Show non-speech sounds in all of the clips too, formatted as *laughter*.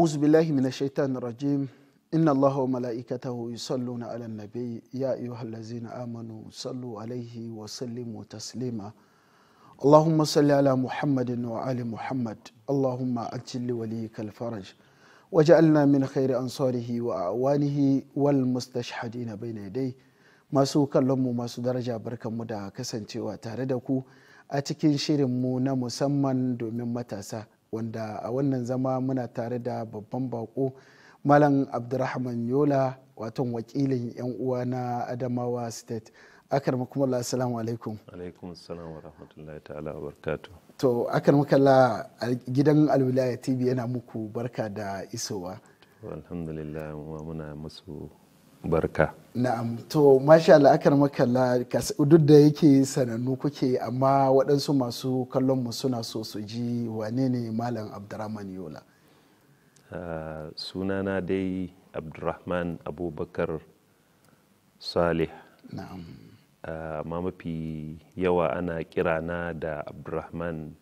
أعوذ بالله من الشيطان الرجيم إن الله وملائكته يصلون على النبي يا أيها الذين آمنوا صلوا عليه وسلموا تسليما اللهم صل على محمد وآل محمد اللهم أجل لوليك الفرج وجعلنا من خير أنصاره وأعوانه والمستشهدين بين يديه masu kallonmu masu daraja barkanmu da kasancewa tare da ku a cikin shirinmu na musamman domin matasa wanda a wannan zama muna tare da babban bako malam abdurrahman yola watan wakilin 'yan uwa na adamawa state akar makamala assalamu alaikum alaikum assalamu wa rahmatullahi ta'ala wa barakatu to akar makalla gidan alwilaya tv yana muku barka da isowa alhamdulillah muna musu barka na'am to masha Allah akar makalla duk da yake sanannu kuke amma waɗansu masu kallon mu suna so su ji wane ne malam abdurrahman yola uh, sunana dai abdurrahman abubakar salih na'am uh, ah, ma mafi yawa ana kirana da abdurrahman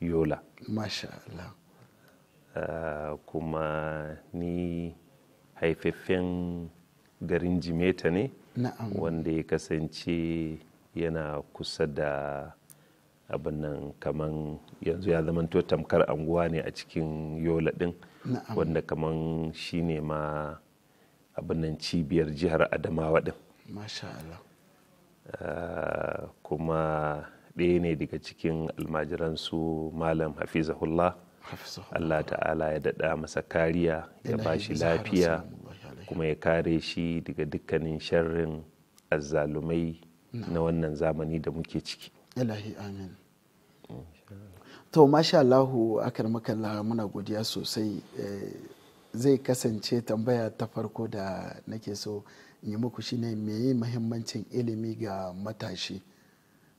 yola masha Allah ah, kuma ni haifaffen garin jimeta ne wanda ya kasance yana kusa da abin nan kamar yanzu ya zamanto tamkar anguwa ne a cikin yola din wanda kamar shi ne ma abin nan cibiyar jihar adamawa din ah, kuma ɗaya ne daga cikin almajiransu malam hafizahullah Allah ta'ala ya daɗa masa kariya ya ba shi lafiya kuma ya kare shi daga dukkanin sharrin azzalumai na wannan zamani da muke ciki ilahi amin to masha Allahu akar makalla muna godiya sosai eh, zai kasance tambaya ta farko da nake so in yi muku shine yi mahimmancin ilimi ga matashi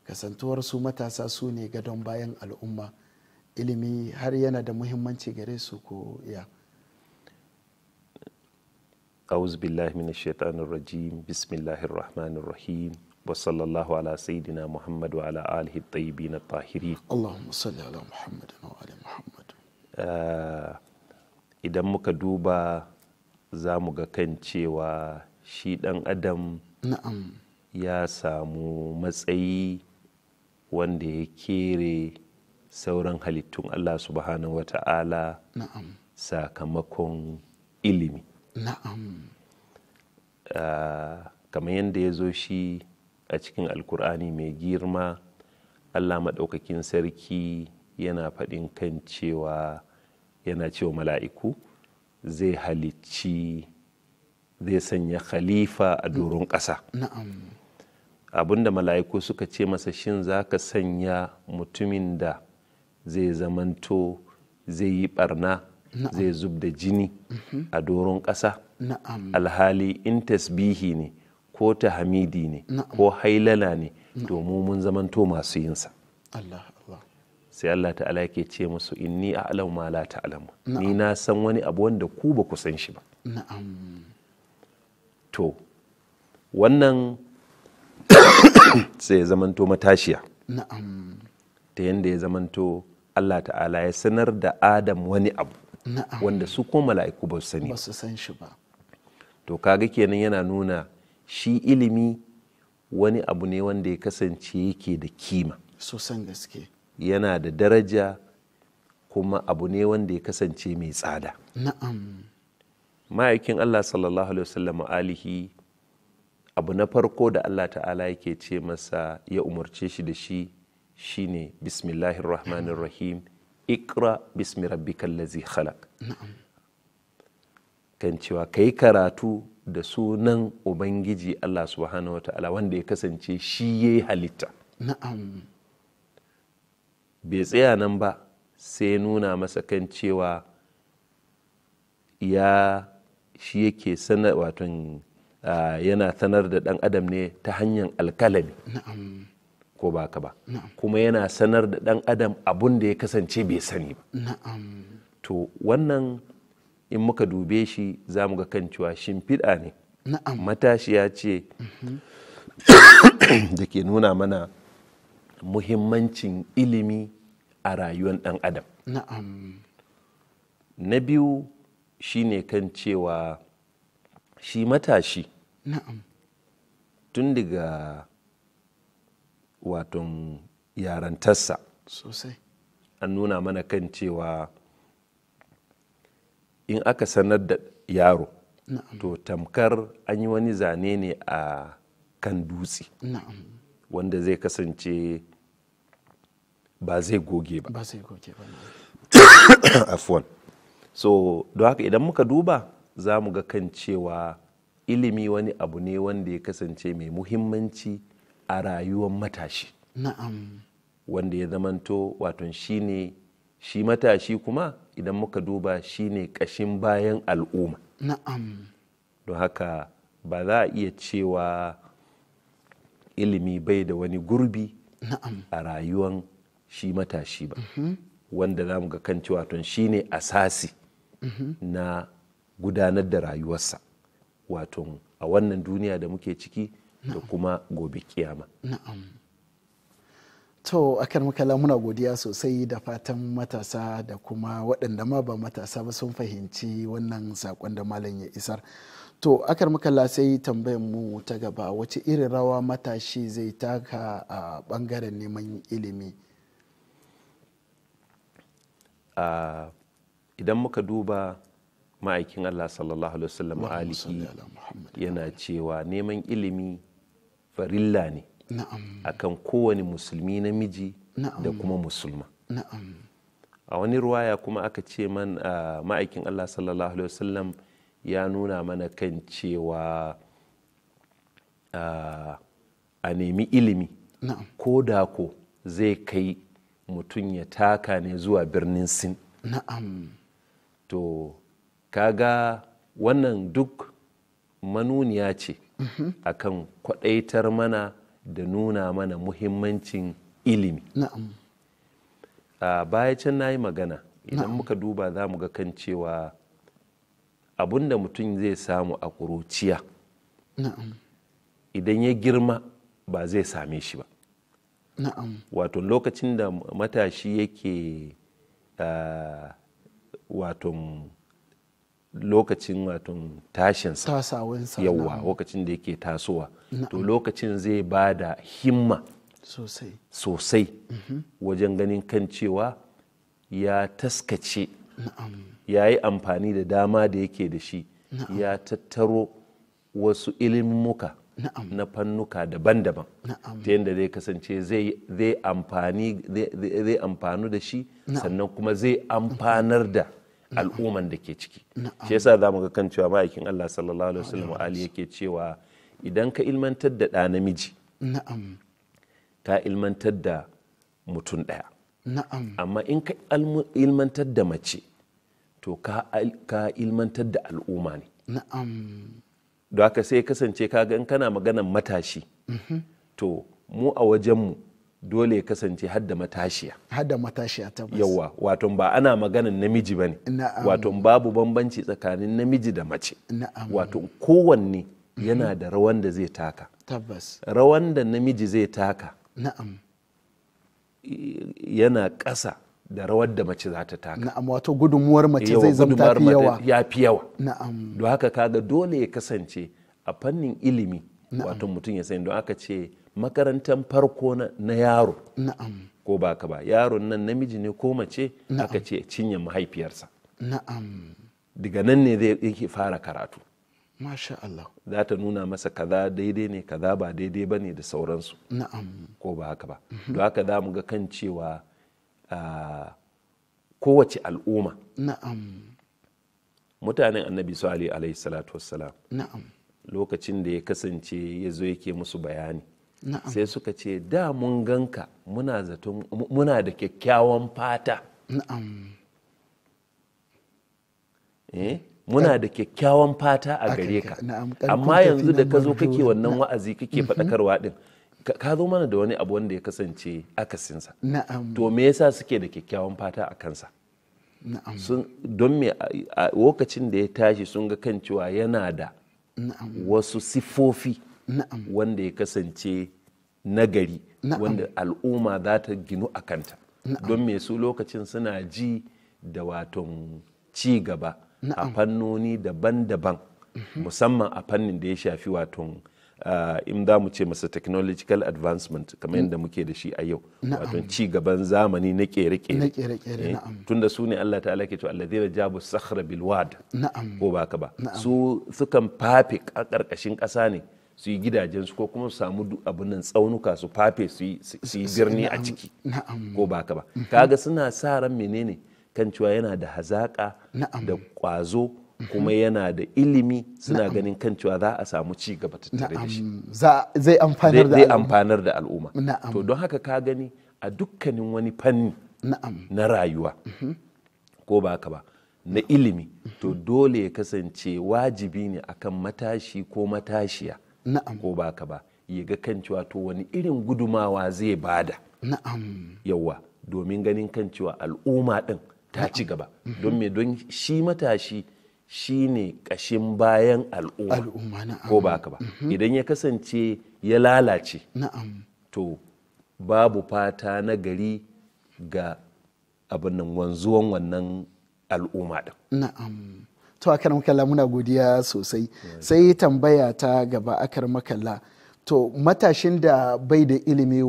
kasantuwar su matasa su ne gadon bayan al'umma ilimi har yana da muhimmanci gare su ko ya أعوذ بالله من الشيطان الرجيم بسم الله الرحمن الرحيم وصلى الله على سيدنا محمد وعلى آله الطيبين الطاهرين اللهم صل على محمد وعلى محمد idan muka duba za mu ga kan cewa shi ɗan adam na'am ya samu matsayi wanda ya kere sauran halittun allah subhanahu wa ta'ala sakamakon ilimi na'am ah, kamar yadda ya zo shi a cikin alkur'ani mai girma allah maɗaukakin sarki yana faɗin kan cewa yana cewa mala'iku zai halicci zai sanya khalifa a doron ƙasa abinda mala'iku suka ce masa shin za ka sanya mutumin da zai zamanto zai yi barna zai zub da jini mhm. a doron ƙasa alhali in tasbihi ne ko ta hamidi ne ko hailala ne domin mun zamanto masu yinsa sai Allah ta'ala yake ce musu inni a'lamu ma la alamu ni na san wani abu wanda ku ba ku san shi ba to wannan sai ya zamanto matashiya ta yadda ya zamanto Allah ta'ala ya sanar da Adam wani abu wanda su ko mala'iku ba su sani ba to kaga kenan yana nuna shi ilimi wani abu ne wanda ya kasance yake da kima sosan gaske yana da daraja kuma abu ne wanda ya kasance mai tsada na'am ma'aikin Allah sallallahu alaihi wasallam alihi abu na farko da Allah ta'ala yake ce masa ya umarce shi da shi shine bismillahir rahmanir rahim ikra bismi rabbikal ladzi khalaq kan cewa kai karatu da sunan ubangiji Allah subhanahu wataala wanda ya kasance shi yayi halitta na'am bai tsaya nan ba sai nuna masa kan cewa ya shi yake sanar watan ah, yana sanar da dan adam ne ta hanyar alkalami na'am ko ba ka ba kuma yana sanar da ɗan adam abun da ya kasance bai sani ba to wannan in muka dube shi za mu ga kan cewa shimfiɗa ne matashiya ce mm-hmm. *coughs* da ke nuna mana muhimmancin ilimi a rayuwar ɗan adam na biyu shi ne kan cewa shi matashi tun daga waton yarantarsa sosai an nuna mana kan cewa in aka sanar da yaro to tamkar an yi wani zane ne a kan dutse wanda zai kasance ba zai goge ba *coughs* afwan so don haka idan muka duba za mu ga kan cewa ilimi wani abu ne wanda ya kasance mai muhimmanci a rayuwar matashi na'am wanda ya zamanto wato shine shi matashi kuma idan muka duba shine kashin bayan al'umma na'am don haka ba za a iya cewa ilimi bai da wani gurbi a rayuwar shi matashi ba mhm. wanda za mu ga kan ci tun shi ne asasi mhm. na gudanar da rayuwarsa wato a wannan duniya da muke ciki da kuma gobe kiyama na'am to akan makala muna godiya sosai da fatan matasa da kuma waɗanda ma ba matasa ba sun fahimci wannan sakon da malam ya isar to akar makala sai tambayar mu ta gaba wace irin rawa matashi zai taka a bangaren neman ilimi uh, idan muka duba ma'aikin allah sallallahu alaihi wasallam yana cewa neman ilimi farilla ne A akan kowane musulmi namiji da kuma musulma a wani ruwaya kuma aka ce man ma'aikin Allah sallallahu alaihi wasallam ya nuna mana kan cewa a nemi ilimi ko da ko zai kai mutum ya taka ne zuwa birnin sin na'am to kaga wannan duk manuniya ce Mm-hmm. a kan kwaɗaitar mana da nuna mana muhimmancin ilimi A baya can na yi magana idan muka duba za mu ga kan cewa abun da mutum zai samu a ƙuruciya idan ya girma ba zai same shi ba wato lokacin da matashi yake wato lokacin watan tashinsa yawa lokacin da yake tasowa to lokacin zai ba da himma sosai mhm. wajen ganin kan cewa ya taskace ya yi amfani da dama da yake da shi ya tattaro wasu ilimuka na fannuka daban-daban ta yadda zai kasance zai amfanu da shi sannan kuma zai amfanar da al'umman da ke ciki shi yasa za mu ga kan cewa ma'aikin Allah sallallahu alaihi wasallam ali yake cewa idan ka ilmantar da ɗa namiji na'am ka ilmantar da mutum ɗaya na'am amma in ka ilmantar da mace to ka ilmantar da al'umma ne na'am don haka sai kasance kaga in kana maganan matashi mhm. to mu a wajenmu dole ya kasance hadda matashiya hadda matashiya tabbas yawa wato ba ana maganan namiji bane wato babu bambanci tsakanin namiji da mace wato kowanne yana mhm. da rawan da zai taka tabbas rawan da namiji zai taka na'am yana ƙasa da rawar da mace za ta taka na'am wato gudunmuwar mace zai zama ta fi yawa ya fi yawa na'am don haka kaga dole ya kasance a fannin ilimi wato mutum ya sani don aka ce makarantar farko na yaro na'am ko ba ba yaron nan namiji ne ko mace aka ce cinye mahaifiyarsa na'am daga nan ne zai yake fara karatu Masha Allah. Za ta nuna masa kaza daidai ne kaza ba daidai ba ne da sauransu. Na'am. Ko ba haka ba. Mhm. Don haka za mu ga kan cewa kowace al'umma. Na'am. Mutanen annabi su alaihi salatu wassalam. Na'am. Lokacin da ya kasance ya zo yake musu bayani. sai suka ce da mun ganka muna da kyakkyawan fata eh, muna da kyakkyawan fata a gare ka amma yanzu da ka zo kake wannan wa'azi kake mm-hmm. faɗakarwa din ka zo mana da wani abu wanda ya kasance akasinsa to me yasa suke da kyakkyawan fata a kansa don me a lokacin da ya tashi sun ga kan cewa yana da wasu sifofi wanda ya kasance nagari wanda al'umma za ta ginu a kanta don me su lokacin suna ji da waton ci gaba a fannoni daban-daban mhm. musamman a fannin da ya shafi waton ah, in za mu ce masa technological advancement kamar yadda muke da shi a yau waton ci gaban zamani na kere-kere eh, tunda su ne Allah ta'ala ke cewa alladhina jabu sakhra bilwad. wad ko baka ba su sukan fafe karkashin ƙasa ne su yi gidajensu ko kuma su samu abin nan tsaunuka su fafe su yi birni a ciki ko ba ka ba mhm. kaga suna sa ran menene kan cewa yana da hazaƙa da ƙwazo mhm. kuma yana da ilimi suna ganin kan cewa za a samu ci gaba tattare da shi zai amfanar da al'umma to don haka ka gani a dukkanin wani fanni na rayuwa mhm. ko ba ka ba na ilimi to dole ya kasance wajibi ne akan matashi ko matashiya ko baka ba ya ga kan cewa to wani irin gudumawa zai bada na'am yawa domin ganin kan cewa al'umma din ta ci gaba mhm. don me don shi matashi shi ne ƙashin bayan al'umma ko baka ba mhm. idan ya kasance ya lalace to babu fata na gari ga abin wanzuwan wannan al'umma din na'am to akar makalla muna godiya sosai sai tambaya ta gaba akar makalla to matashin da bai da ilimi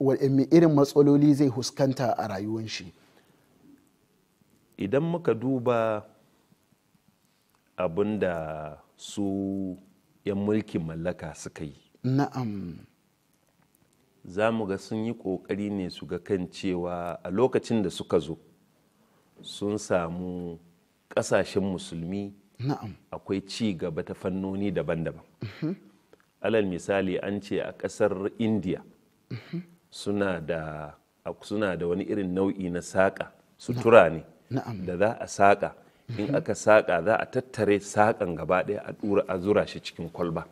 waɗanne irin matsaloli zai huskanta a rayuwar shi idan muka duba abin da su 'yan mulkin mallaka suka yi na'am za mu ga sun yi ƙoƙari ne su ga kan cewa a lokacin da suka zo sun samu ƙasashen musulmi akwai ci gaba ta fannoni daban-daban alal misali an ce a ƙasar india mhm. suna da wani irin nau'i na saƙa sutura ne da za a saƙa in mhm. aka saƙa za a tattare saƙan gaba ɗaya a a zura shi cikin kwalba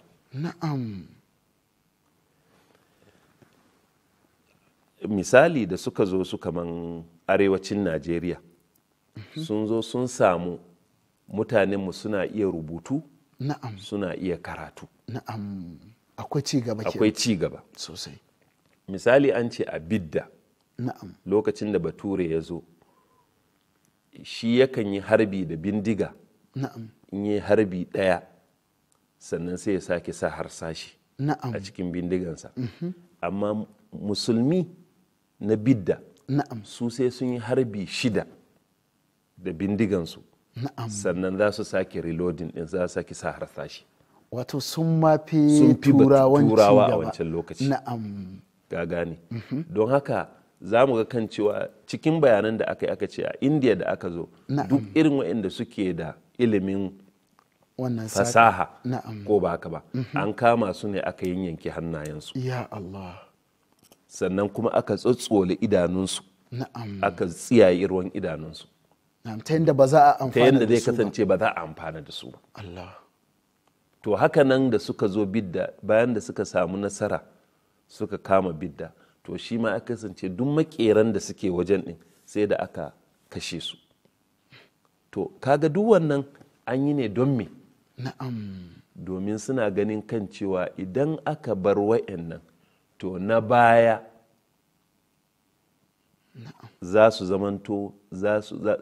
misali da suka zo su kaman arewacin najeriya sun zo sun samu mutanenmu suna iya rubutu suna iya karatu na'am akwai ci gaba sosai misali an ce a bidda lokacin da bature ya zo shi yakan yi harbi da bindiga na'am in yi harbi ɗaya sannan sai ya sake sa harsashi a cikin bindigansa mhm. amma musulmi na bidda na'am su sai sun yi harbi shida da bindigansu sannan za su sake reloading din za su sake sa harsashi wato sun ma fi turawa a wancan lokaci na'am ga gane mhm. don haka za mu ga kan cewa cikin bayanan da aka yi aka ce a indiya da aka zo duk irin waɗanda suke da ilimin fasaha ko ba haka ba mhm. an kama su ne aka yin yanki hannayensu ya Allah sannan kuma aka tsotsole idanunsu aka tsiyaye ruwan idanunsu ta yadda ba za a amfana da su ta yadda zai kasance ba za a amfana da su ba Allah to haka nan da suka zo bidda bayan da suka samu nasara suka kama bidda to shi ma aka kasance duk makeran da suke wajen din sai da aka kashe su to kaga duk wannan an yi ne don me na'am domin suna ganin kan cewa idan aka bar wa'annan to na baya za su zamanto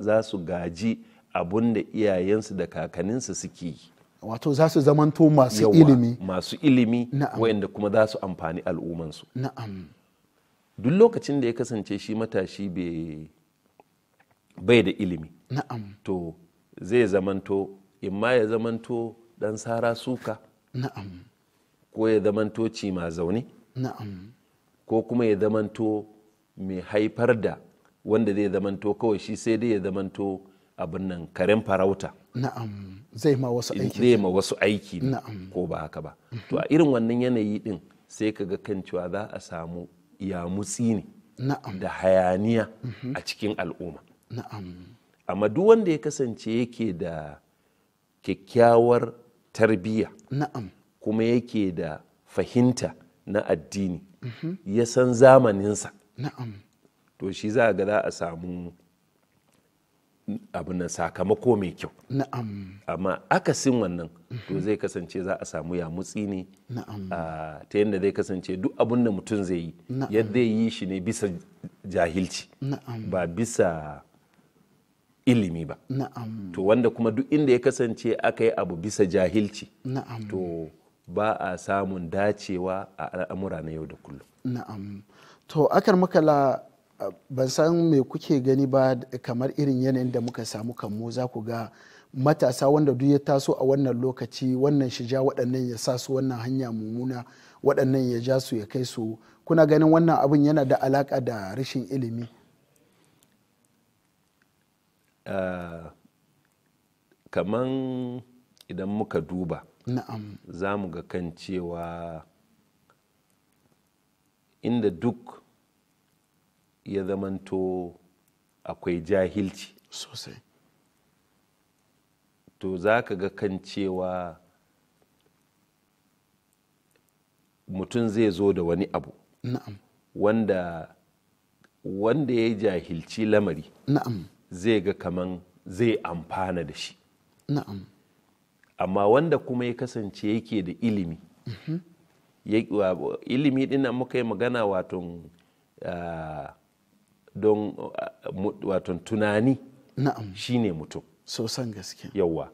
za su gaji abun da iyayensu da kakanninsu suke yi wato za su zamanto masu ilimi masu ilimi wayanda kuma za su amfani al'ummansu na'am duk lokacin da ya kasance shi matashi bai da ilimi na'am to zai zamanto imma ya zamanto dan sara suka na'am ko ya zamanto cima zaune na'am ko kuma ya zamanto mai haifar da wanda zai zamanto kawai shi sai dai ya zamanto abin nan karen farauta na'am zai ma wasu aiki zai ma wasu aiki na'am ko ba haka ba mhm. to a irin wannan yanayi din sai ka ga kan cewa za a samu mutsi ne na'am da hayaniya mhm. a cikin al'umma na'am amma duk wanda ya kasance yake da kyakkyawar tarbiyya na'am kuma yake da fahimta na addini mhm. ya san zamaninsa na'am to shi za ga za a samu abu na sakamako mai kyau na'am amma sin wannan to zai kasance za a samu ya yamutsi ne na'am. ta yadda zai kasance duk abin da mutum zai yi yadda yi shi ne bisa jahilci na'am ba bisa ilimi ba na'am. to wanda kuma duk inda ya kasance aka yi abu bisa jahilci na'am to ba a samun dacewa a al'amura na yau da kullum na'am to akar la ban san me kuke gani ba kamar irin yanayin da muka samu kanmu za ku ga matasa wanda duk ya taso a wannan lokaci wannan shi ja waɗannan ya sa su wannan hanya mummuna waɗannan ya ja su ya kai su kuna ganin wannan abin yana da alaƙa da rashin ilimi uh, kaman idan muka duba na'am za mu ga kan cewa inda duk ya zamanto akwai jahilci sosai to za ka ga kan cewa mutum zai zo da wani abu wanda wanda ya jahilci lamari zai ga kaman zai amfana da shi amma wanda kuma ya kasance yake da ilimi mhm. ilimi din nan muka yi magana waton don waton tunani shi shine mutum sosan gaske Yawwa,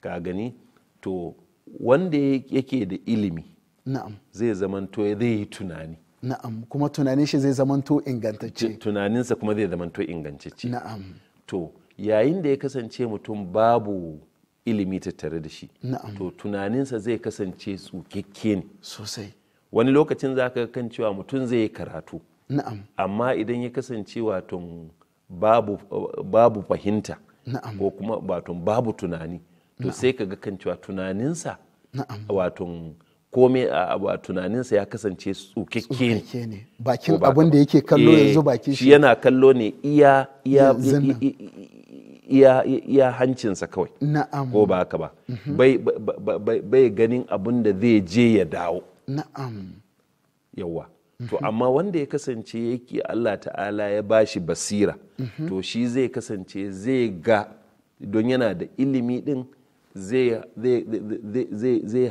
ka gani to wanda yake da ilimi na'am zai zamanto zai yi tunani na'am kuma tunanin shi zai zamanto ingantacce tunaninsa kuma zai zamanto ingantacce na'am to yayin da ya kasance mutum babu ilimi tattare da shi to tunaninsa zai kasance tsukekke ne sosai wani lokacin za ka kan cewa mutum zai yi karatu amma idan ya kasance waton babu, babu fahimta ko kuma waton babu tunani to sai ka ga kan cewa tunaninsa waton kome a tunaninsa ya kasance tsukakke ne bakin abin da yake kallo eh, yanzu baki shi yana kallo ne iya iya iya hancinsa kawai na'am ko ba haka ba mhm. bai ganin abin da zai je ya dawo na'am yawa to mhm. amma wanda ya kasance yake Allah ta'ala ya bashi basira mhm. to shi zai kasance zai ga don yana da ilimi din zai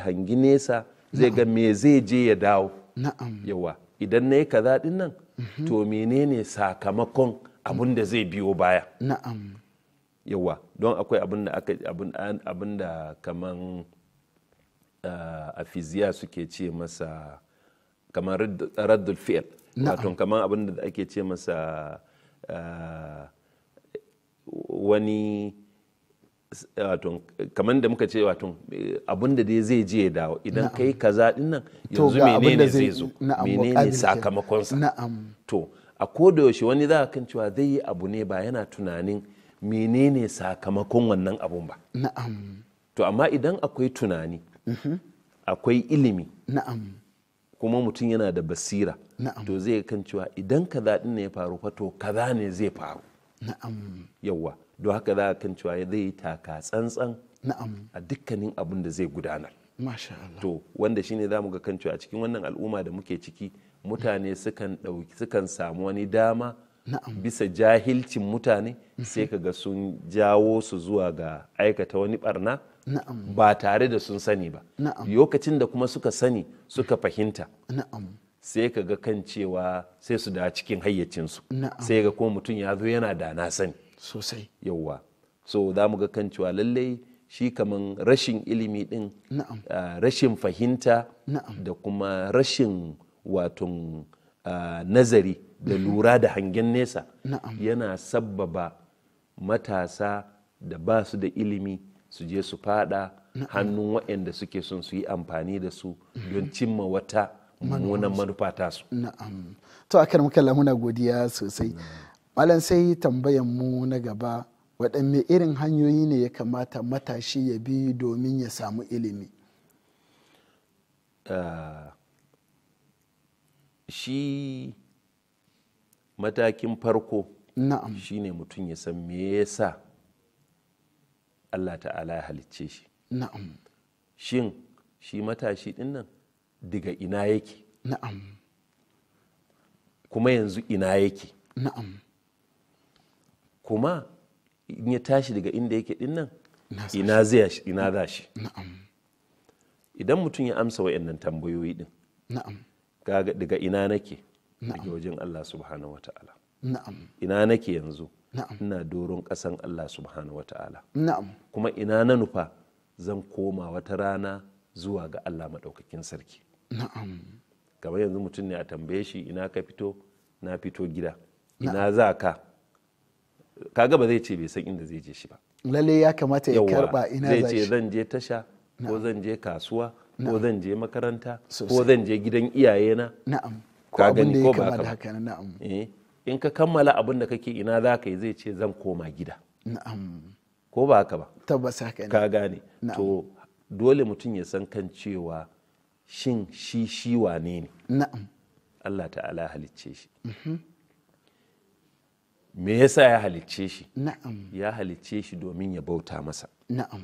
hangi nesa zai ga me zai je ya dawo yawa idan na yi kaza din nan to menene sakamakon abin da zai biyo baya na'am yawa don akwai abin da kaman a ah, fiziya suke ce masa kaman raddul fi'il wato kaman abin da ake ce masa ah, wani wato kamar da muka ce wato eh, abin da dai zai je ya dawo idan kai kaza din nan yanzu menene zai zo menene sakamakonsa to a koda yaushe wani za kan cewa zai yi abu ne ba yana tunanin menene sakamakon wannan abun ba na'am to amma idan akwai tunani mhm. akwai ilimi na'am kuma mutum yana da basira Na'am. to zai kan cewa idan kaza din ne ya faru fa to kaza ne zai faru na'am yawa do haka za kan cewa zai yi taka tsantsan na'am a dukkanin abun da zai gudanar Masha Allah. to wanda shine zamu ga kan cewa cikin wannan al'umma da muke ciki mutane sukan sukan samu wani dama bisa jahilcin mutane sai kaga sun jawo su zuwa ga aikata wani barna ba tare da sun sani ba lokacin da kuma suka sani suka fahimta sai kaga kan cewa sai su da cikin hayyacinsu sai ga kuma mutum ya zo yana da na sani sosai yauwa so za mu ga kan cewa lallai shi kaman rashin ilimi din rashin fahimta da kuma rashin waton nazari da lura da hangen nesa yana sabbaba matasa da ba su da ilimi su je su fada hannun waɗanda suke son su yi amfani da su mhm. don cimma wata mummunan manufa su. Na'am. To a kan muka muna godiya sosai. Malam sai tambayan mu na gaba waɗanne irin hanyoyi ne ya kamata matashi ya bi domin ya samu ilimi? Ah, shi matakin farko na'am shine mutum ya san me yasa Allah ta'ala ya halicce shi na'am shin shi matashi din nan daga ina yake na'am kuma yanzu ina yake na'am kuma in ya tashi daga inda yake din nan ina zai ina za shi na'am idan mutum ya amsa wa'annan tambayoyi din na'am daga ina nake daga wajen Allah subhanahu wata'ala ina nake yanzu ina doron ƙasan Allah subhanahu wata'ala kuma ina na nufa zan koma wata rana zuwa ga Allah maɗaukakin sarki kamar yanzu mutum ne a tambaye shi ina ka fito na fito gida ina za ka kaga ba zai ce bai san inda zai je shi ba lalle ya kamata ya karba ina zai ce zan je tasha ko zan je kasuwa ko zan je makaranta ko zan je gidan iyayena na'am ka gani ko ba haka na'am eh, in ka kammala abin da kake ina za ka yi zai ce zan koma gida na'am ko ba haka ba tabbas haka ne ka gane to dole mutum ya san kan cewa shin shi shi wane ne na'am Allah ta'ala halicce shi mm-hmm. me yasa ya halicce shi na'am ya halicce shi domin ya bauta masa na'am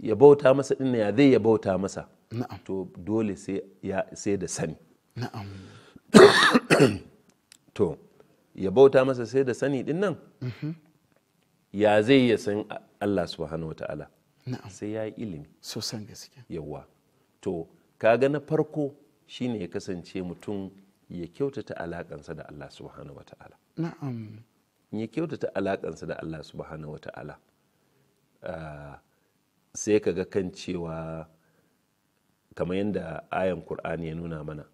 ya bauta masa din ya zai ya bauta masa na'am to dole sai da sani na'am. *coughs* to ya bauta masa sai da sani din nan mhm. ya zai ya san Allah subhanahu wata'ala sai ya yi ilimi sosan gaske yawa to kaga na farko shine ya kasance mutum ya kyautata alakansa da Allah subhanahu wata'ala na'am ya kyautata alakansa da Allah subhanahu wata'ala ah, sai ka ga kan cewa kamar yadda ayan Kur'ani ya nuna mana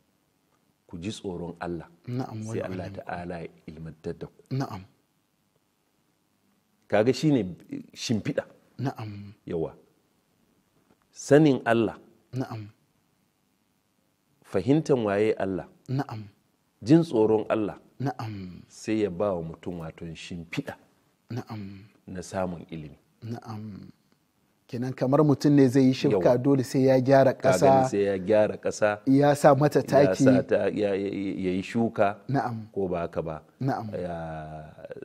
ku ji tsoron Allah sai Allah ta'ala ya ilmantar da ku na'am kaga shine shimfiɗa na'am yawa sanin Allah na'am fahimtar waye Allah na'am jin tsoron Allah na'am sai ya ba wa mutum wato shimfiɗa na'am na samun ilimi na'am kenan kamar mutum ne zai yi shifka dole sai ya gyara ƙasa sai ya gyara ƙasa ya sa mata taki ya yi shuka na'am ko ba haka ba na'am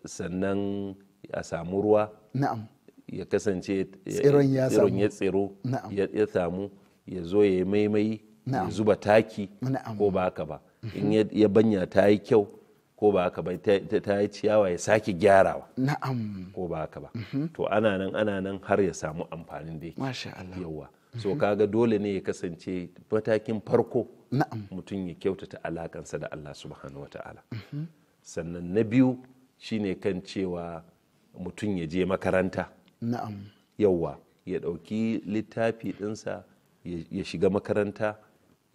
sannan a samu ruwa na'am ya kasance tsiron ya tsiro ya samu ya zo ya yi maimai ya zuba taki ko ba haka ba in ya banya ta yi kyau ko ba haka ba ta yi ciyawa ya sake gyarawa na'am ko ba haka ba mm-hmm. to ana nan ana nan har ya samu amfanin da yake yawa so kaga dole ne ya kasance matakin farko na'am mutum ya kyautata alakansa da Allah subhanahu wata'ala mm-hmm. sannan na biyu shine kan cewa mutum ya je makaranta na'am yawa ya ɗauki littafi ɗinsa ya shiga makaranta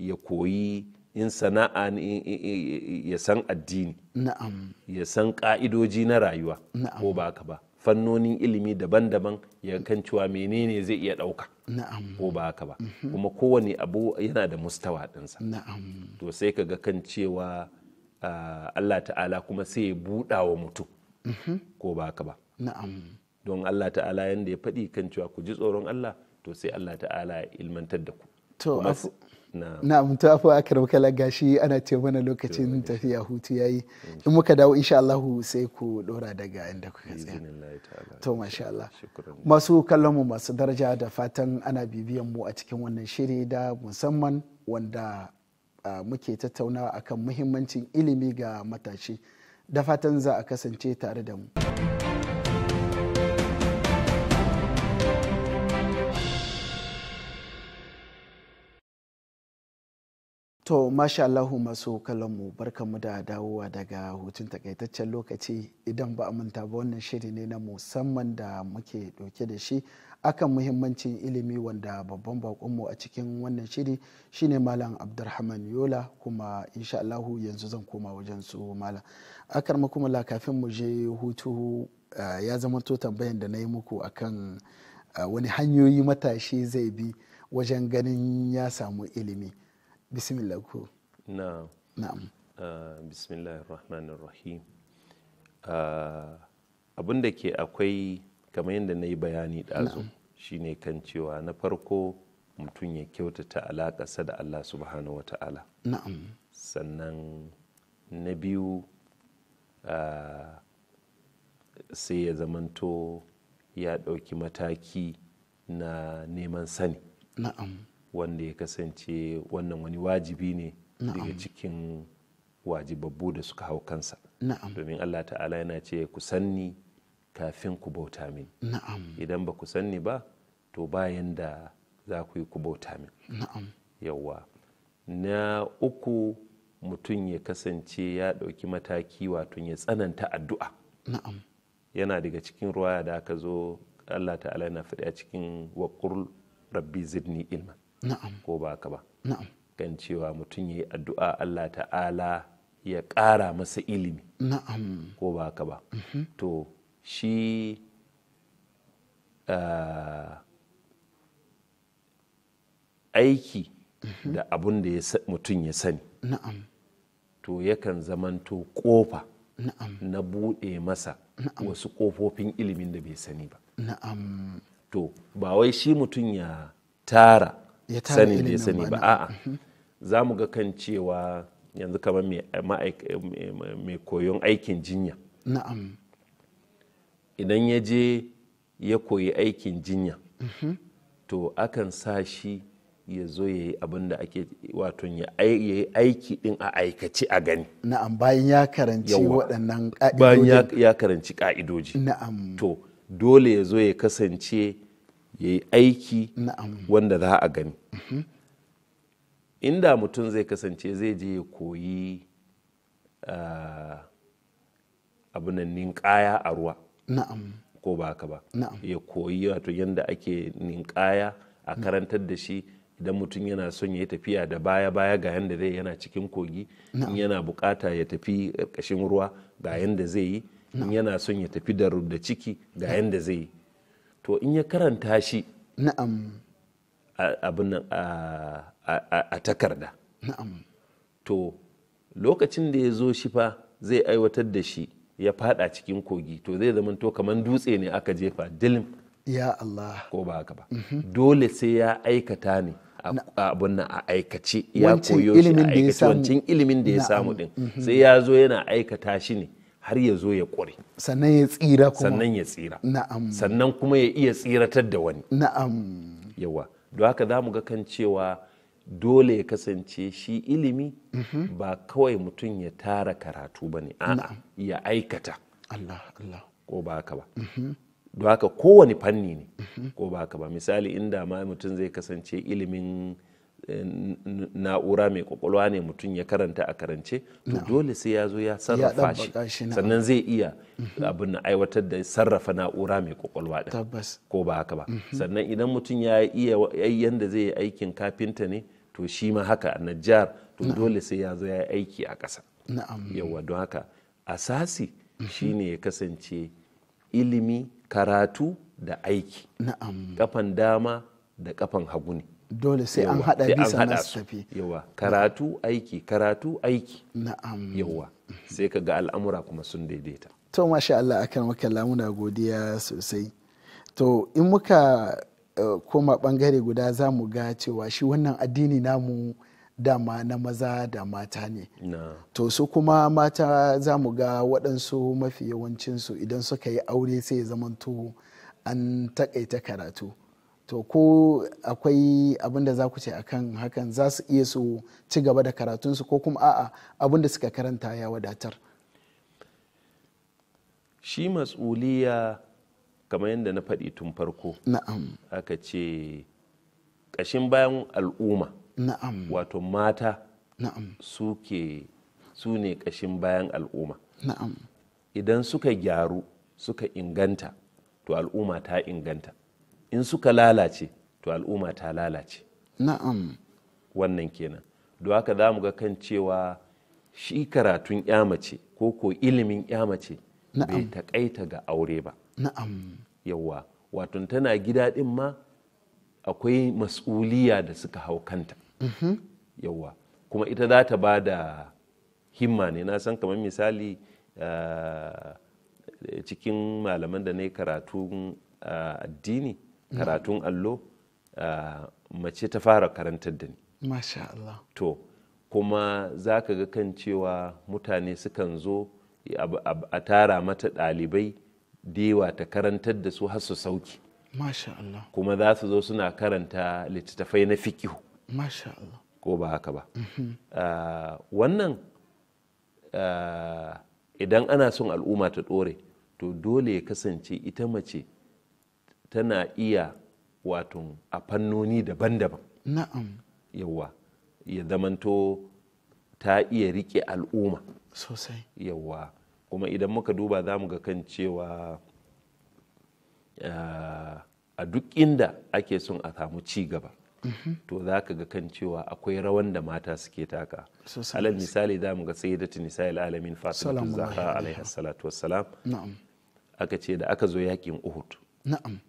ya koyi in sana'a ya san addini ya san ka'idoji na rayuwa ko ba haka ba fannonin ilimi daban-daban ya kan cewa menene zai iya ɗauka ko ba haka ba mhm. kuma kowane abu yana da mustawa ɗinsa to sai ka ga kan cewa Allah ta'ala kuma sai ya buɗa wa mutum mhm. ko ba haka ba don Allah ta'ala yadda ya faɗi kan cewa ku ji tsoron Allah to sai Allah ta'ala ya ilmantar da ku na mutu a aka kala gashi ana ce mana lokacin tafiya hutu ya yi in muka dawo insha Allahu sai ku dora daga inda kuka tsaye to masha Allah masu kallon masu daraja da fatan ana bibiyan mu a cikin wannan shiri da musamman wanda muke tattaunawa akan muhimmancin ilimi ga matashi da fatan za a kasance tare da mu To, masha Allahu masu barka barkanmu da dawowa daga hutun takaitaccen lokaci idan ba manta ba wannan shiri ne na musamman da muke ɗauke da shi akan muhimmancin ilimi wanda babban bakonmu a cikin wannan shiri shine Malam Abdulrahman Yola kuma insha Allahu yanzu zan koma wajen su Malam. Akar makumala kafin mu je hutu ya zama to tambayan da na yi muku akan wani hanyoyi matashi zai bi wajen ganin ya samu ilimi. bismillah ko na'am na'am ah, bismillahir rahmanir rahim abin ah, da ke akwai kamar yadda na yi bayani ɗazu shine kan cewa na farko mutum ya kyautata alaƙasa da Allah subhanahu wata'ala na'am sannan na biyu ah, sai ya zamanto ya ɗauki mataki na neman sani na'am wanda ya kasance wannan wani wajibi ne daga cikin wajibabbu da suka hau kansa domin allah ta'ala yana ce ku sanni kafin ku bauta min idan ba ku sanni ba to bayan da za ku yi ku bauta min yawwa na uku mutum ya kasance ya ɗauki mataki wato ya tsananta addu'a yana daga cikin ruwa da aka zo allah ta'ala yana faɗi a cikin waƙur rabbi zidni ilman ko ba ka ba kan cewa mutum ya yi addu'a Allah ta'ala ya ƙara masa ilimi ko ba ka ba mm-hmm. to shi ah, aiki mm-hmm. da abun da mutum ya sani to yakan zamanto ƙofa na buɗe masa wasu ƙofofin ilimin da bai sani ba to ba wai shi mutum ya tara sanin da ya sani ba a'a mhm. za mu ga kan cewa yanzu kamar mai koyon aikin jinya na'am idan ya je ya koyi aikin jinya mhm. to akan sa shi ya zo ya yi abin da ake wato ya yi aiki din a aikace a gani na'am bayan ya karanci waɗannan ka'idoji bayan ya karanci ka'idoji na'am to dole ya zo ya kasance ya yi aiki wanda za a gani inda mutum zai kasance zai je ya koyi ah, abinan ninkaya a ruwa ko ba haka ba ya koyi wato yadda ake ninkaya a karantar da shi idan mutum yana son ya yi tafiya da baya baya ga yadda zai yana cikin kogi yana bukata ya tafi ƙarƙashin ruwa ga yadda zai yi yana son ya tafi da ciki ga yadda zai yi to in ya karanta shi na'am abin nan a takarda na'am to lokacin da ya zo shi fa zai aiwatar da shi ya fada cikin kogi to zai zama to kamar dutse ne aka jefa dilim ya Allah ko ba haka ba mhm. dole sai ya aikata ne abun nan a aikace ya koyo shi a aikace wancin ilimin da ya samu din mhm. sai ya zo yana aikata shi ne har ya zo ya ƙware sannan ya tsira kuma sannan ya tsira na'am sannan kuma ya iya tsiratar da wani na'am yawa don haka za mu ga kan cewa dole ya kasance shi ilimi mhm. ba kawai mutum ya tara karatu ba ne ya aikata Allah Allah ko ba haka ba mhm. don haka kowane fanni ne mhm. ko ba haka ba misali inda ma mutum zai kasance ilimin na'ura mai kwakwalwa ne mutum ya karanta a karance to dole sai ya zo ya sarrafa shi sannan zai iya mhm. abin na aiwatar da sarrafa na'ura mai kwakwalwa ɗin ko ba haka ba mhm. sannan idan mutum ya iya yadda zai yi aikin kafinta ne to shi ma haka a najjar to dole sai ya zo ya yi aiki a ƙasa yawa don haka asasi mhm. shine ya kasance ilimi karatu da aiki kafan dama da kafan hagu ne dole sai an hada bisa na su tafi yawa karatu aiki karatu aiki na'am yawa sai ka ga al'amura kuma sun daidaita to masha Allah akan makalla muna godiya sosai to in muka eh, koma bangare guda za mu ga cewa shi wannan addini namu dama na maza da mata ne to su kuma mata za mu ga waɗansu mafi yawancinsu idan suka yi aure sai zamanto an takaita karatu to ko akwai abin da za ku ce akan hakan za su iya su ci gaba da karatunsu ko kuma a'a abin da suka karanta ya wadatar shi matsuliya kamar yadda na faɗi tun farko na'am aka ce ƙashin bayan al'umma na'am wato mata na'am suke su ne ƙashin bayan al'umma na'am idan suka gyaru suka inganta to al'umma ta inganta in suka lalace to al'umma ta lalace na'am wannan kenan don haka za mu ga kan cewa shi karatun mace ko ko ilimin mace bai takaita ga aure ba na'am yawa wato tana gida din ma akwai mas'uliya da suka hau kanta mm-hmm. yawa kuma ita za ta ba da himma ne na san kamar misali ah, cikin malaman da na yi karatun ah, addini Mm. karatun allo mace ta fara karantar da ni Allah. to kuma za ka ga kan cewa mutane sukan zo a tara mata ɗalibai dewa ta karantar da su har su sauki Masha Allah. kuma za su zo suna karanta littattafai na fikihu Masha Allah. ko ba haka ba mm-hmm. wannan idan ana son al'umma ta ɗore to dole ya kasance ita mace tana iya wato a fannoni daban-daban na'am yawa ya zamanto ta iya rike al'umma sosai yawa kuma idan muka duba za mu ga kan cewa eh, a duk inda ake son a samu ci gaba mhm. to za ka ga kan cewa akwai rawan da mata suke taka alal misali za mu ga sayyidatu nisa'il alamin fatimatu zahra alaihi salatu wassalam aka ce da aka zo yakin uhud na'am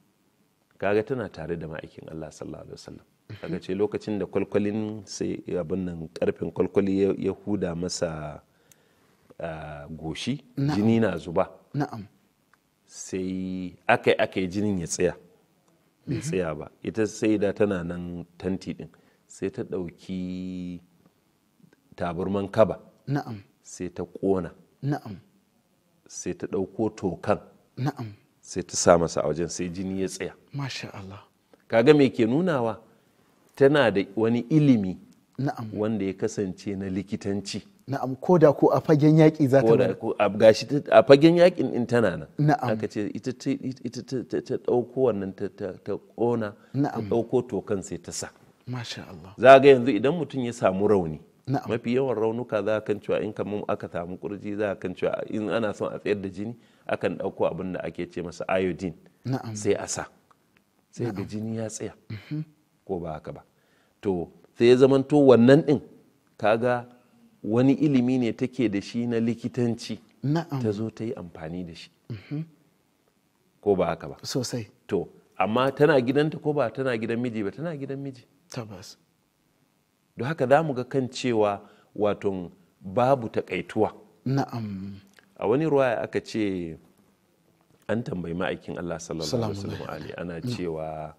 kaga tana tare da ma'aikin Allah sallallahu alaihi wasallam kaga ce lokacin da kwalkwalin sai abin nan karfin kwalkwali ya huda masa goshi jini na zuba na'am sai akai akai jinin ya tsaya bai mhm. tsaya ba ita sai da tana nan tanti din sai ta ɗauki taburman kaba na'am sai ta ƙona na'am sai ta ɗauko tokan na'am sai ta sa masa a wajen sai jini ya tsaya masha Allah kaga me ke nunawa tana da wani ilimi na'am wanda ya kasance na likitanci na'am ko da ko a fagen yaƙi za ta ko a gashi a fagen yaƙi in tana nan na'am aka ce ita ita ta ɗauko wannan ta ta ƙona ta ɗauko tokan sai ta sa masha Allah za ga yanzu idan mutum ya samu rauni mafi yawan raunuka za a kan cewa in kamar aka samu kurji za a kan cewa in ana son a tsayar da jini akan ɗauko abin da ake ce masa iodine sai a sa sai ga jini ya tsaya mhm. ko ba haka ba to sai ya zamanto wannan ɗin kaga wani ilimi ne take da shi na likitanci ta zo ta yi amfani da shi mhm. ko ba haka ba sosai to amma tana gidanta ko ba tana gidan miji ba tana gidan miji tabbas don haka za mu ga kan cewa wato babu takaituwa na'am a wani ruwa aka ce an tambayi ma'aikin Allah sallallahu alaihi ana mm. cewa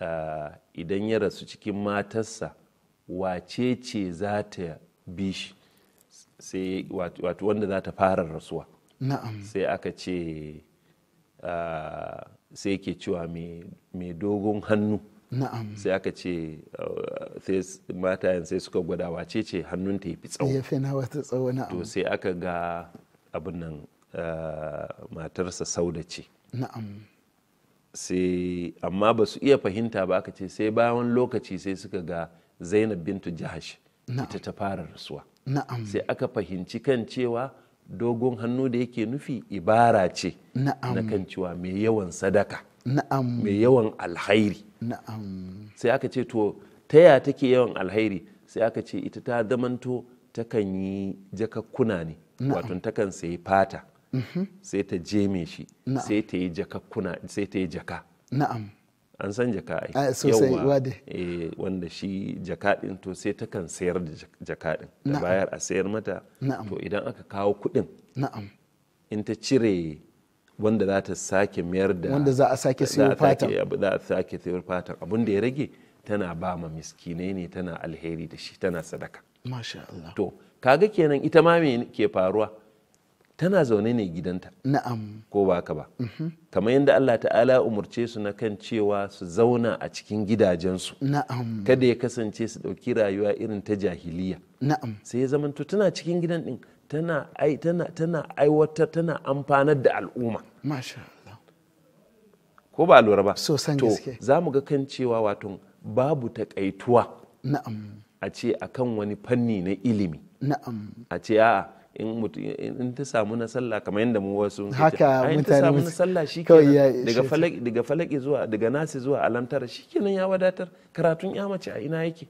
ah, idan ya rasu cikin matarsa wace ce za ta bi shi sai wato wanda za ta fara rasuwa sai aka ce ah, sai ke cewa mai dogon hannu sai aka ce ah, sai sai suka gwada wace ce hannun ta ya fi tsawo to sai aka ga abin nan eh, matarsa sauda ce amma ba su iya fahimta ba aka ce sai bayan lokaci sai suka ga zainab bintu jahash ita ta fara rasuwa sai aka fahimci kan cewa dogon hannu da yake nufi ibara ce na kan cewa mai yawan sadaka mai yawan alhairi sai aka ce to taya take yawan alhairi sai aka ce ita ta zamanto takan yi jakakkuna ne wato takan sayi fata mm-hmm. sai ta jeme shi sai ta yi kuna sai ta yi jaka na'am an san jaka ai yawa eh wanda shi jaka din to sai ta kan sayar da jaka din da bayar a sayar mata to idan aka kawo kudin na'am in ta cire wanda za ta sake mayar da wanda za a sake sayo fatan za a sake sayo fata abin da ya rage tana ba ma miskinai ne tana alheri da shi tana sadaka masha Allah to kaga kenan ita ma me ke faruwa tana zaune ne gidanta na'am ko ba ba mhm. kamar yadda Allah ta'ala umurce su na kan cewa su zauna a cikin gidajensu na'am kada ya kasance su ɗauki rayuwa irin ta jahiliya na'am sai ya zamanto tana cikin gidan din tana ai tana tana aiwatar tana amfanar da al'umma masha ko ba lura ba so san gaske za mu ga kan cewa wato babu takaituwa na'am a ce akan wani fanni na ilimi na'am a ce a'a in in ta samu na sallah kamar yadda mu wasu haka mutane ta samu na sallah shikenan daga falaki daga falaki zuwa daga nasi zuwa alamtara shikenan ya wadatar karatun ya mace a ina yake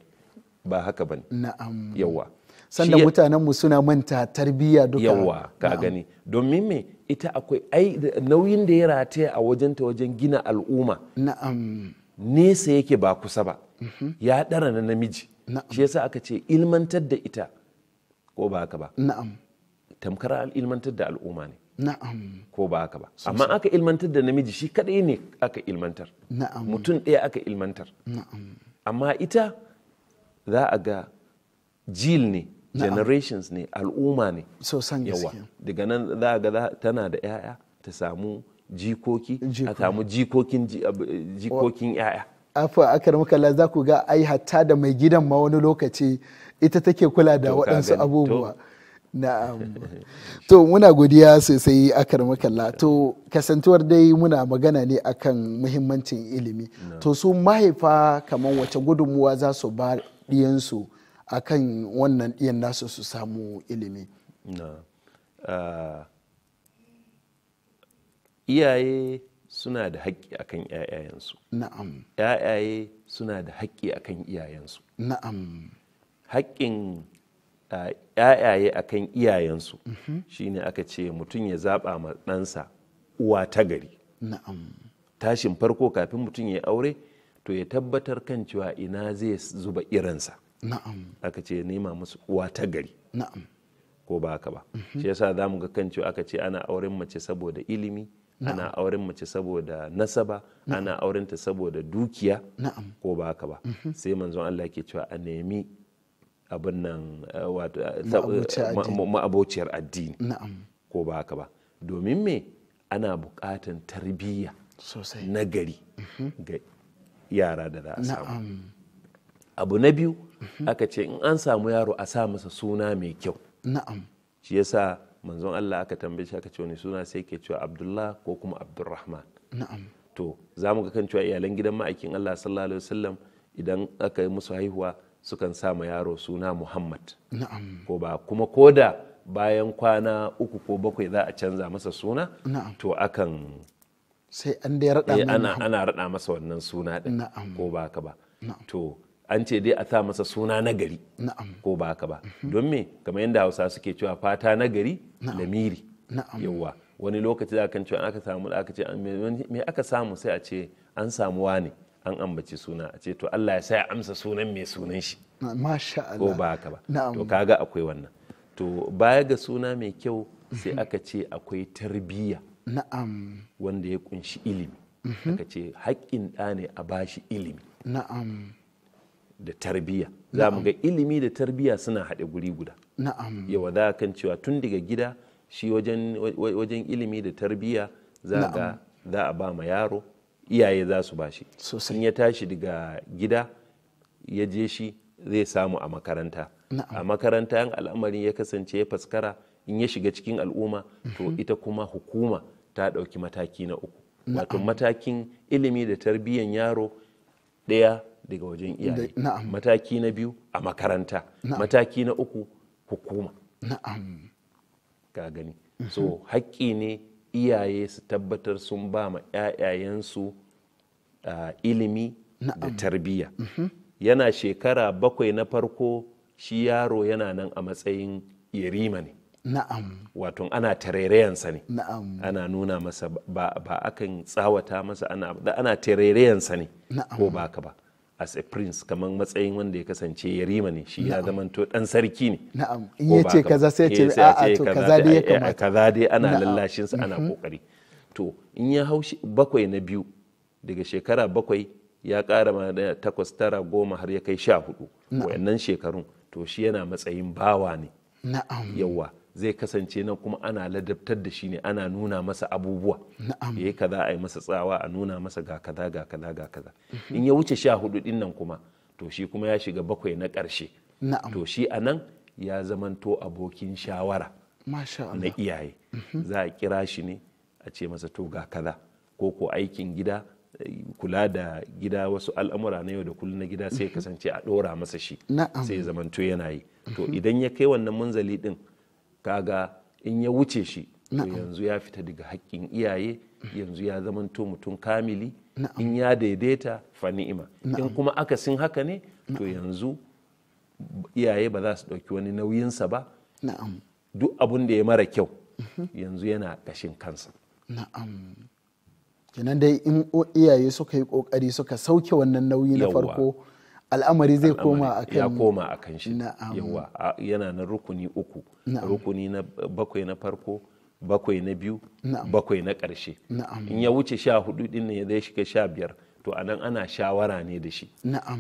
ba haka bane na'am yawa sanda mutanen mu suna manta tarbiyya duka yawa ka gani domin me ita akwai ai nauyin da ya rataya a wajen ta wajen gina al'umma na'am nesa yake ba kusa ba mhm. ya dara na namiji shi yasa aka ce ilmantar da ita ko ba haka ba na'am tamkar ilmantar da al'umma ne na'am ko ba haka ba amma aka ilmantar da namiji shi kadai ne aka ilmantar na'am mutum ɗaya aka ilmantar na'am amma ita za a ga jil ne generations ne al'umma ne so yawa daga nan za a ga tana da 'ya'ya ta samu jikoki a samu jikokin jikokin 'ya'ya afa akar makalla za ku ga ai hatta da mai gidan ma wani lokaci ita take kula da waɗansu abubuwa *laughs* na'am to muna godiya sosai akar makalla to kasantuwar dai muna magana ne akan muhimmancin ilimi to su mahaifa kamar wace gudunmuwa za su ba ɗiyansu akan wannan ɗiyan nasu su samu ilimi ah, iyaye suna da haƙƙi akan ‘ya'yayensu. Na'am. ‘Ya'yaye suna da haƙƙi akan iyayensu. Na'am. haƙƙin ‘ya'yaye a kan iyayensu mhm. shi ne aka ce mutum ya zaɓa ma ɗansa uwa ta gari tashin farko kafin mutum ya aure to ya tabbatar kan cewa ina zai zuba irinsa aka ce nema musu uwa ta gari ko ba haka ba mhm. shi yasa za mu ga kan cewa aka ce ana auren mace saboda ilimi ana auren mace saboda nasaba ana aurenta saboda dukiya ko ba haka ba mhm. sai manzon Allah ke cewa a nemi abin nan eh, eh, ma'abociyar addini ko ba haka ba domin me ana bukatan tarbiyya na gari mhm. ga yara da za abu na biyu mhm. aka ce in an samu yaro a sa masa suna mai kyau shi yasa manzon Allah aka tambaye shi aka ce wani suna sai ke cewa Abdullah ko kuma Abdulrahman to za mu ga kan cewa iyalan gidan ma'aikin Allah sallallahu alaihi wasallam idan aka yi musu haihuwa sukan sa ma yaro suna muhammad ko ba kuma koda bayan kwana uku ko bakwai za a canza masa suna to akan sai an da ya raɗa eh, ana ana raɗa masa wannan suna ɗin ko ba haka ba to an ce dai a sa masa suna nagari ko ba haka ba mhm. don me kamar yadda hausa suke cewa fata nagari lamiri yawwa wani lokaci za kan cewa aka samu aka ce me aka samu sai a ce an samuwa ne. an ambaci suna a ce to Allah ya sa ya amsa sunan mai sunan shi masha Allah ko ba haka ba to kaga akwai wannan to baya ga suna mai kyau sai mhm. aka ce akwai tarbiyya na'am wanda ya kunshi ilimi mhm. aka ce haƙƙin ɗa ne a bashi ilimi na'am da tarbiyya za mu ga ilimi da tarbiyya suna haɗe guri guda na'am yawa za kan cewa tun daga gida shi wajen ilimi da tarbiyya za a ba ma yaro iyaye za su ba shi in ya tashi daga gida ya je shi zai samu a makaranta a makaranta yan al'amarin ya kasance ya faskara in ya shiga cikin al'umma to mhm. ita kuma hukuma ta ɗauki mataki na uku wato matakin ilimi da tarbiyyan yaro ɗaya daga wajen iyaye mataki na biyu a makaranta mataki na uku hukuma na'am gani mhm. so haƙƙi ne iyaye su tabbatar sun ba ma 'ya'yayensu ilimi da tarbiyya mm-hmm. yana shekara bakwai na farko shi yaro yana nan a matsayin yarima ne na'am wato ana tarairayansa ne na'am ana nuna masa ba akan tsawata masa ana ana ne ko ba ka ba as a prince kamar matsayin wanda ya kasance ya rima ne shi ya to dan sarki ne na'am in ya ce kaza sai ya eh, ce a to kaza dai ya eh, kamata kaza dai ana lallashin sa ana kokari mm-hmm. to in ya hau bakwai na biyu daga shekara bakwai ya kara ma da takwas tara goma har ya kai sha hudu wayannan shekarun to shi yana matsayin bawa ne na'am yawa zai kasance nan kuma ana ladabtar da shi ne ana nuna masa abubuwa yayi kaza a yi masa tsawa a nuna masa ga kaza ga kaza ga kaza in ya wuce sha hudu din nan kuma to shi kuma ya shiga bakwai na ƙarshe to shi a nan ya zamanto abokin shawara na iyaye mhm. za a kira shi ne a ce masa to ga kaza ko ko aikin gida kula da gida wasu al'amura na yau da kullum na gida sai mhm. kasance a ɗora masa shi sai zamanto yana yi to mhm. idan ya kai wannan munzali din kaga in ya wuce shi to yanzu ya fita daga haƙƙin iyaye mm. yanzu ya zamanto mutum kamili in ya daidaita fa ni'ima in kuma sin haka ne to yanzu iyaye ba za su ɗauki wani nauyinsa ba duk abin da ya mara kyau mhm. yanzu yana ƙashin kansa na'am kenan dai in iyaye suka yi ƙoƙari suka sauke wannan nauyi na farko al'amari zai koma a kan ya koma a kan shi yawa yana na rukuni uku rukuni na bakwai na farko bakwai na biyu bakwai na karshe. in ya wuce sha hudu din ya zai shiga sha biyar to anan ana shawara ne da shi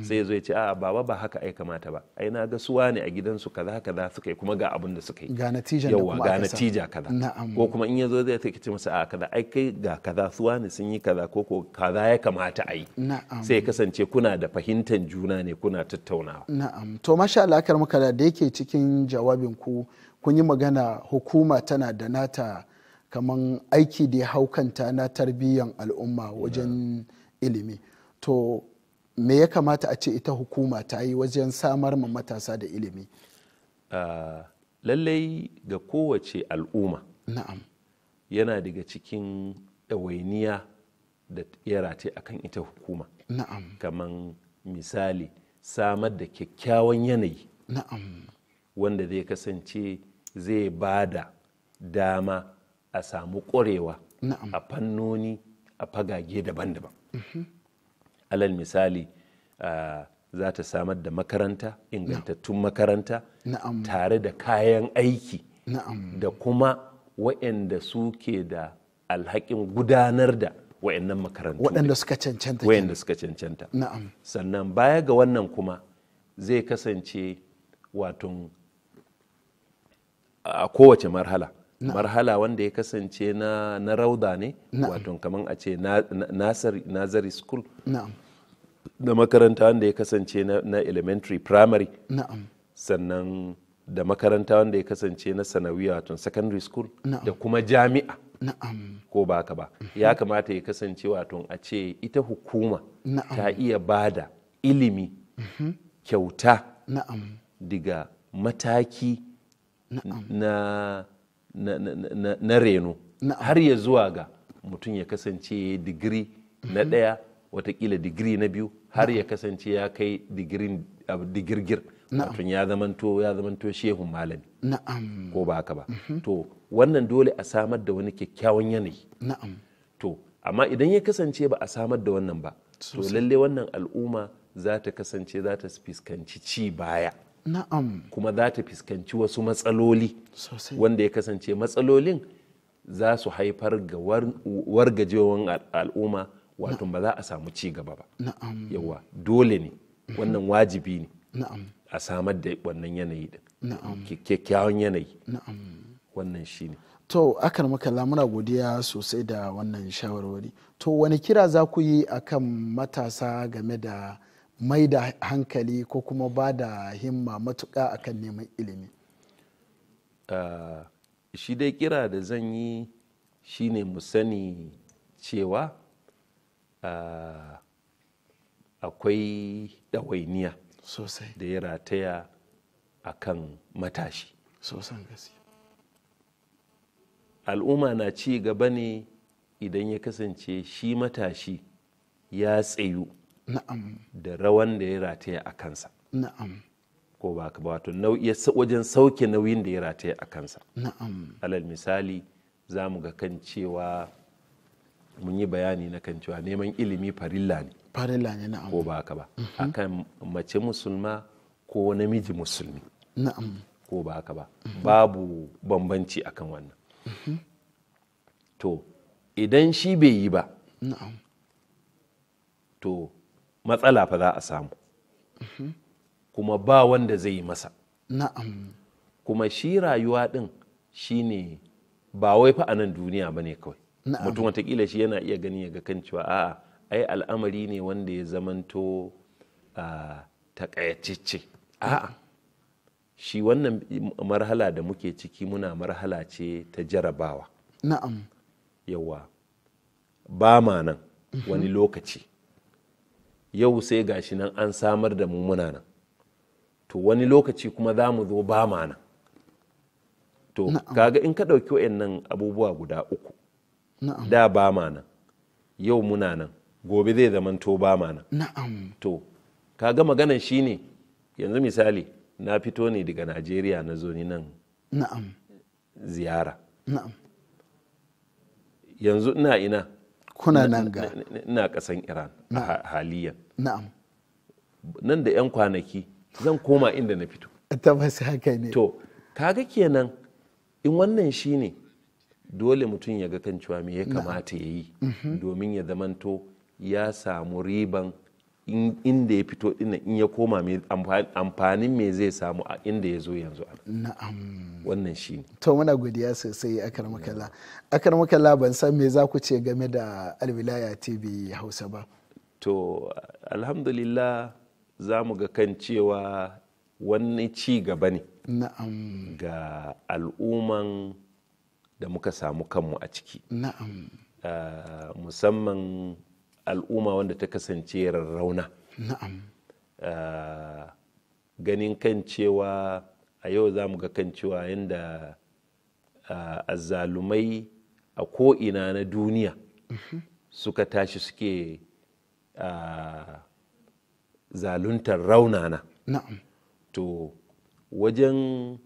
sai zo ya ce a baba ba haka ai kamata ba ai na ga suwa ne a gidansu kaza kaza suka yi kuma ga abin da suka yi ga natija da kuma ga natija kaza ko kuma in yazo zai ce masa a kaza ai kai ga kaza suwa ne sun yi kaza ko ko kaza ya kamata yi sai kasance kuna da fahimtar juna ne kuna tattaunawa na'am to masha Allah kar muka da yake cikin jawabin ku kun yi magana hukuma tana da nata kaman aiki da ya haukanta na tarbiyyar al'umma wajen yeah. ilimi to me ya kamata a ce ita hukuma ta yi wajen samar ma matasa da ilimi uh, lallai ga kowace al'umma na'am yana daga cikin ɗawainiya da ya a akan ita hukuma na'am kaman misali samar da kyakkyawan yanayi na'am wanda zai kasance zai ba da dama a samu ƙwarewa a fannoni a fagage daban-daban alal misali za ta samar da makaranta ingantattun makaranta tare da kayan aiki da kuma waɗanda suke da alhakin gudanar da waɗannan makarantu waɗanda cancanta suka cancanta sannan baya ga wannan kuma zai kasance wato a kowace marhala marhala wanda ya kasance na, na rauda ne wato kamar a ce nazari school da makaranta wanda ya kasance na, na elementary primary sannan da makaranta wanda ya kasance na sanawiya wato secondary school da kuma jami'a ko ba ka ba mhm. ya kamata ya kasance wato a ce ita hukuma ta iya bada ilimi mhm. kyauta diga mataki na na reno har ya zuwa ga mutum ya kasance digiri na mm-hmm. ɗaya watakila digiri na biyu har ya kasance ya kai digirgir mutum ya zamanto ya zamanto shehun malami na'am ko ba haka ba mm-hmm. to wannan dole a samar da wani kyakkyawan yanayi na'am to amma idan ya kasance ba a samar da wannan ba to lalle wannan al'umma za ta kasance za ta fuskanci ci baya na'am kuma za ta fuskanci wasu matsaloli wanda ya kasance matsalolin za su haifar ga wargajewan al'umma wato ba za a samu ci gaba ba yawa dole ne wannan wajibi ne a samar da wannan yanayi din kyakkyawan yanayi wannan shi ne to akan makalla muna godiya sosai da wannan shawarwari to wani kira za ku yi akan matasa game da mai da hankali ko kuma ba da himma matuƙa akan neman ilimi ah, shi dai kira da zan yi shine mu sani cewa ah, akwai ɗawainiya sosai da ya rataya a kan matashi sosan gasi al'umma na ci gaba ne idan ya kasance shi matashi ya tsayu na'am. da rawan da ya rataya a kansa na'am. ko ba ka wato wajen sauke nauyin da ya rataya a kansa na'am. alal misali za mu ga kan cewa mun yi bayani na kan cewa neman ilimi farilla ne farilla ne na'am ko ba ka ba mhm. akan mace musulma ko namiji musulmi na'am ko ba ka ba mhm. babu bambanci akan wannan mhm. to idan shi bai yi ba na'am. to matsala fa za a samu mhm. kuma ba wanda zai yi masa kuma shi rayuwa din shine ba wai fa a nan duniya bane kawai mutum watakila shi yana iya gani ya ga kan cewa a'a ai al'amari ne wanda ya zamanto ah, takayacece a'a shi wannan marhala da muke ciki muna marhala ce ta jarabawa na'am yawa ba ma nan mhm. wani lokaci yau sai gashi nan an samar da mummuna nan to wani lokaci kuma za mu zo ba nan to kaga in ka ɗauki wayannan abubuwa guda uku da ba nan yau muna nan gobe zai zaman to ba nan to kaga maganan shine yanzu misali na fito ne daga najeriya na zo ni nan ziyara yanzu ina ina kuna nan ga ina kasan iran haliyan na'am nan da 'yan kwanaki zan koma inda na fito tabbas haka ne to kaga kenan in wannan shi ne dole mutum ya ga kan cewa me ya kamata ya yi mhm. domin ya zamanto ya samu riban inda ya fito dinnan in ya koma amfanin me zai samu a inda ya zo yanzu na'am wannan shi to muna godiya sosai akar karmakala akar karmakala ban san me za ku ce game da alwilaya tv hausa ba to alhamdulillah za mu ga kan cewa wani ci gaba ne na'am ga al'umman da muka samu kanmu a ciki na'am uh, musamman al'umma wanda ta kasance rarrauna na'am uh, ganin kan cewa a yau za mu ga kan cewa yadda uh, ah, azzalumai a ko'ina na duniya mm -hmm. suka tashi suke zaluntar raunana na'am to wajen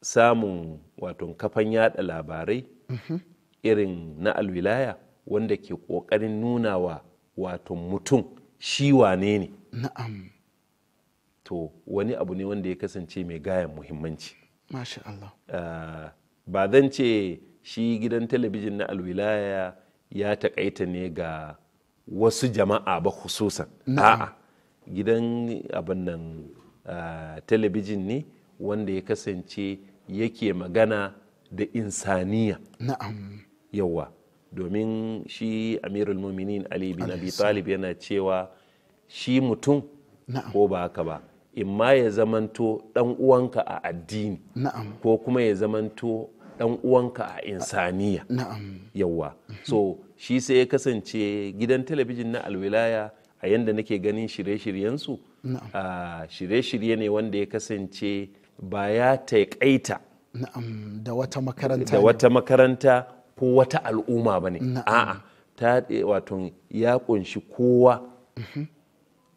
samun wato kafan yada labarai mhm. irin na alwilaya wanda ke kokarin nuna wa wato mutum shi wane ne na'am to wani abu ne wanda ya kasance mai gayan muhimmanci Masha ba zan ce shi gidan talabijin na alwilaya ya taƙaita ne ga wasu jama'a ba hususan a'a gidan abin nan telebijin ne wanda ya kasance yake magana da insaniya na'am yawa domin shi amirul muminin ali bin abi talib yana cewa shi mutum ko ba haka ba imma ya zamanto dan uwanka a addini ko kuma ya zamanto dan uwanka a insaniya na'am yawa so shi sai ya kasance gidan talabijin na alwilaya a yanda nake ganin shirye-shiryensu shirye-shirye ne wanda ya kasance ba ya taƙaita da wata makaranta da wata makaranta ko wata al'umma ba ne a'a ta eh, wato ya kunshi kowa mhm.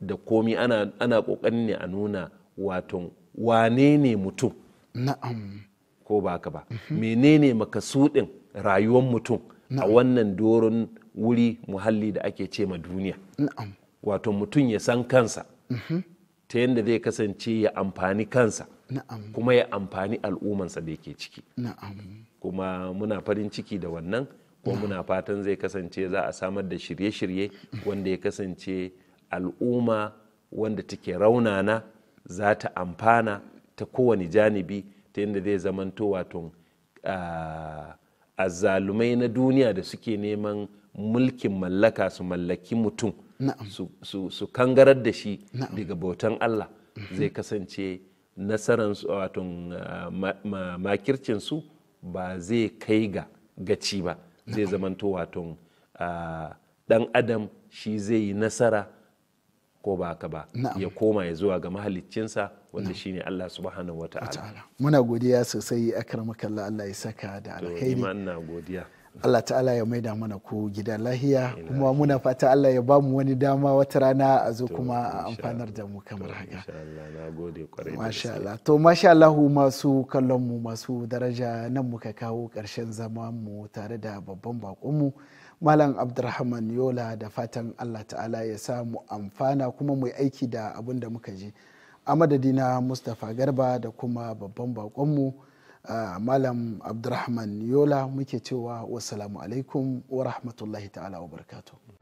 da komi ana ƙoƙarin ne a nuna wato wane ne mutum na'am ko ba haka ba menene makasudin rayuwar mutum a wannan doron wuri muhalli da ake ce ma duniya wato mutum ya san kansa mm-hmm. ta yadda zai kasance ya amfani kansa kuma ya amfani al'ummansa da yake ciki kuma muna farin ciki da wannan kuma muna fatan zai kasance za a samar da shirye-shirye wanda ya kasance al'umma wanda take raunana za ta amfana ta kowane janibi ta yadda zai zamanto wato zalumai na duniya da suke neman mulkin mallaka su mallaki mutum su kangarar da shi daga bautan Allah zai kasance nasarar nasaransu wato makircinsu ba zai kai ga gaci ba zai zamanto wato dan adam shi zai yi nasara ko ba ka ba ya koma ya zuwa ga mahaliccinsa wanda ne Allah subhanahu ta'ala muna godiya sosai a akramakallah Allah ya saka da alkhairi Allah ta'ala ya maida mana ku gida lahiya kuma muna fata Allah ya bamu wani dama wata rana a zo kuma a amfanar da mu kamar haka. Masha Allah. To masha Allah masu kallon mu masu daraja nan muka kawo ƙarshen zaman mu tare da babban mu Malam Abdulrahman Yola da fatan Allah ta'ala ya sa mu amfana kuma mu aiki da abin da muka je. a madadina mustapha garba da kuma babban bakonmu malam abdulrahman yola muke cewa wasalamu alaikum wa rahmatullahi ta'ala wa barkatu